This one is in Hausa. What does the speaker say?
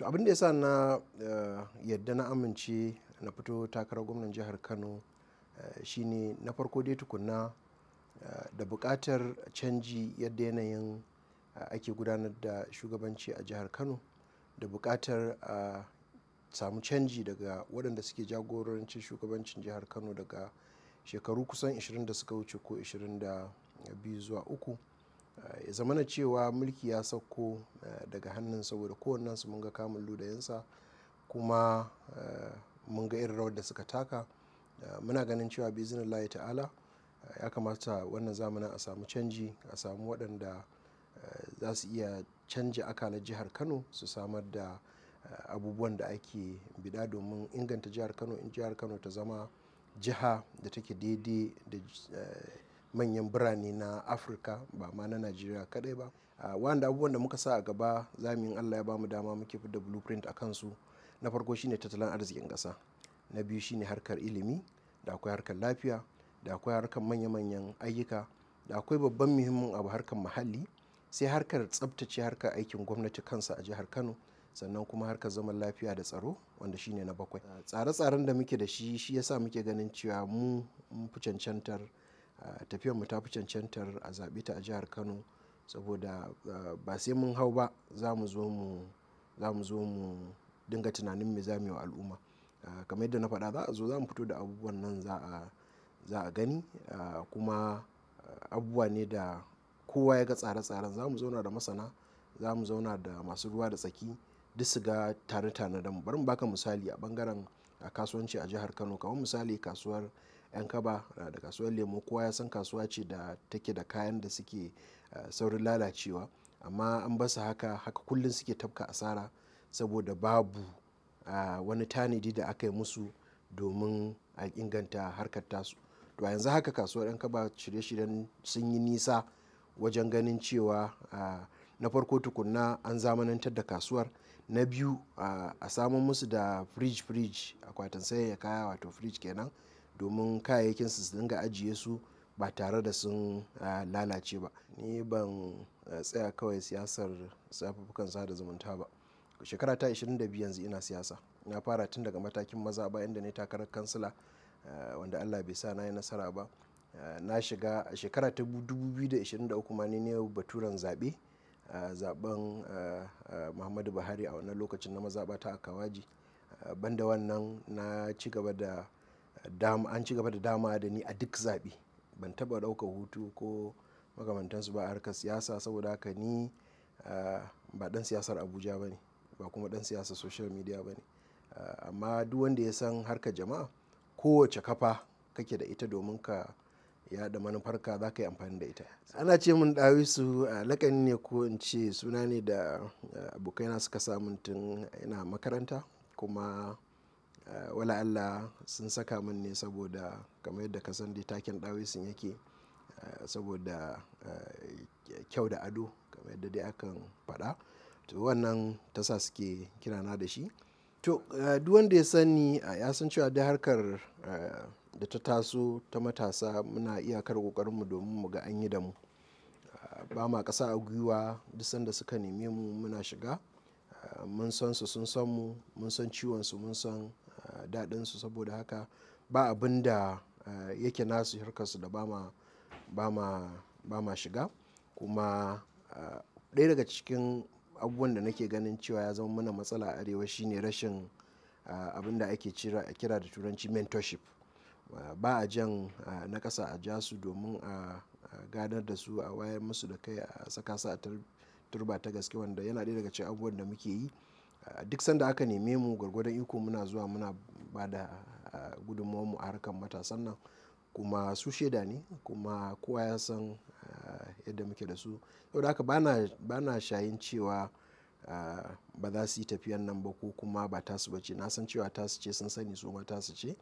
to abin da ya sa na eh, yadda na amince na fito takarar gwamnan jihar kano eh, shine na farko dai tukunna eh, da buƙatar canji yadda yanayin ake gudanar da shugabanci a jihar kano da buƙatar a samu canji daga waɗanda suke jagorancin shugabancin jihar kano daga shekaru kusan 20 da suka wuce ko 22 zuwa uku. Eh, ya zamana cewa mulki ya sauko eh, daga hannun saboda kowannen su mun ga kamun ludayensa kuma eh, mun ga irin rawar da suka taka muna ganin cewa bizinin layi ta'ala ya kamata wannan zamanin a samu canji a samu waɗanda za su iya canja akalar jihar kano su samar da abubuwan da ake bida domin inganta jihar kano in jihar kano ta zama jiha da take daidai da manyan birane na afirka ba ma na najeriya kadai ba wanda abubuwan da muka sa a gaba za yi allah ya bamu dama muke da blueprint a kansu na farko shine tattalin arzikin ƙasa na biyu shine harkar ilimi da akwai harkar lafiya da akwai harkar manya-manyan ayyuka da akwai babban muhimmin abu harkar muhalli sai harkar tsabtace harkar aikin gwamnati kansa a jihar kano sannan kuma harkar zaman lafiya da tsaro wanda shine na bakwai tsare-tsaren da muke da shi shi yasa muke ganin cewa mu fi cancantar tafiyar mu ta fi cancantar a zaɓe ta a jihar kano saboda ba sai mun hau ba za mu zo mu dinga tunanin mai za al'umma kamar yadda na faɗa za a zo za mu fito da abubuwan nan za a gani kuma abubuwa ne da kowa ya ga tsare-tsaren za mu zauna da masana za mu zauna da masu ruwa da tsaki duk su ga tare tare da mu bari mu baka misali a bangaren kasuwanci a jihar kano kamar misali kasuwar 'yan kaba ah, da kasuwar lemo kowa ya san kasuwa ce da take da kayan da suke ah, saurin lalacewa amma an basu haka haka kullum suke tafka asara saboda babu ah, wani tanadi da aka yi musu domin a inganta harkar tasu to yanzu haka kasuwar 'yan kaba shirye-shiryen sun yi nisa wajen ganin cewa na farko tukunna an zamanantar da kasuwar na biyu a samun musu da fridge fridge akwatin sayayya kaya wato fridge kenan domin kayayyakin su su dinga ajiye su ba tare da sun ah, lalace ba ni ban ah, tsaya kawai siyasar zafafukan sada zumunta ba shekara ta 22 yanzu ina siyasa na fara tun daga matakin maza ba inda ne takarar kansila ah, wanda allah bai sa na yi nasara ba na shiga a shekara ta 2023 ma ne baturen zaɓe zaben muhammadu buhari a wannan lokacin na mazaɓa a kawaji banda wannan na ci gaba da an ci gaba da dama da ni a duk zaɓe ban taɓa ɗaukar hutu ko makamantansu ba a harkar siyasa saboda haka ni ba ɗan siyasar abuja ba ne ba kuma ɗan siyasar social media ba ne amma duk wanda ya san harkar jama'a kowace kafa kake da ita domin ka ya yaɗa manufarka za ka yi amfani da ita ana ce mun dawisu lakani ne ko in ce suna ne da abokaina suka samun tun ina makaranta kuma Eh, wala Allah sun saka min ne saboda kamar yadda ka san dai taken sun yake eh, saboda eh, kyau da ado kamar yadda dai akan faɗa to wannan ta sa suke kirana da shi to duk wanda ya sani ya san cewa da harkar da ta taso ta matasa muna iyakar mu domin mu ga an yi da mu ba ma ƙasa a gwiwa duk sanda suka neme mu muna shiga mun san su sun san mu mun san ciwon su mun san su saboda haka ba abin da eh, yake nasu harkarsu da ba ma shiga kuma eh, ɗaya daga cikin abubuwan da nake ganin cewa ya zama mana matsala arewa shine rashin eh, abin da ake kira da turanci mentorship ba a jan na ƙasa a ja su domin a ganar da su a wayar musu da kai a saka su a turba ta gaske wanda yana ɗaya daga cikin abubuwan da muke yi duk sanda aka neme mu gwargwadon iko muna zuwa muna ba da mu a harkar matasan nan kuma su shaida ne kuma kowa ya san yadda muke da su yau da haka ba na shayin cewa ba za su yi tafiyan nan ba ko kuma ba tasu ba ce na san cewa tasu ce sun sani su ma tasu ce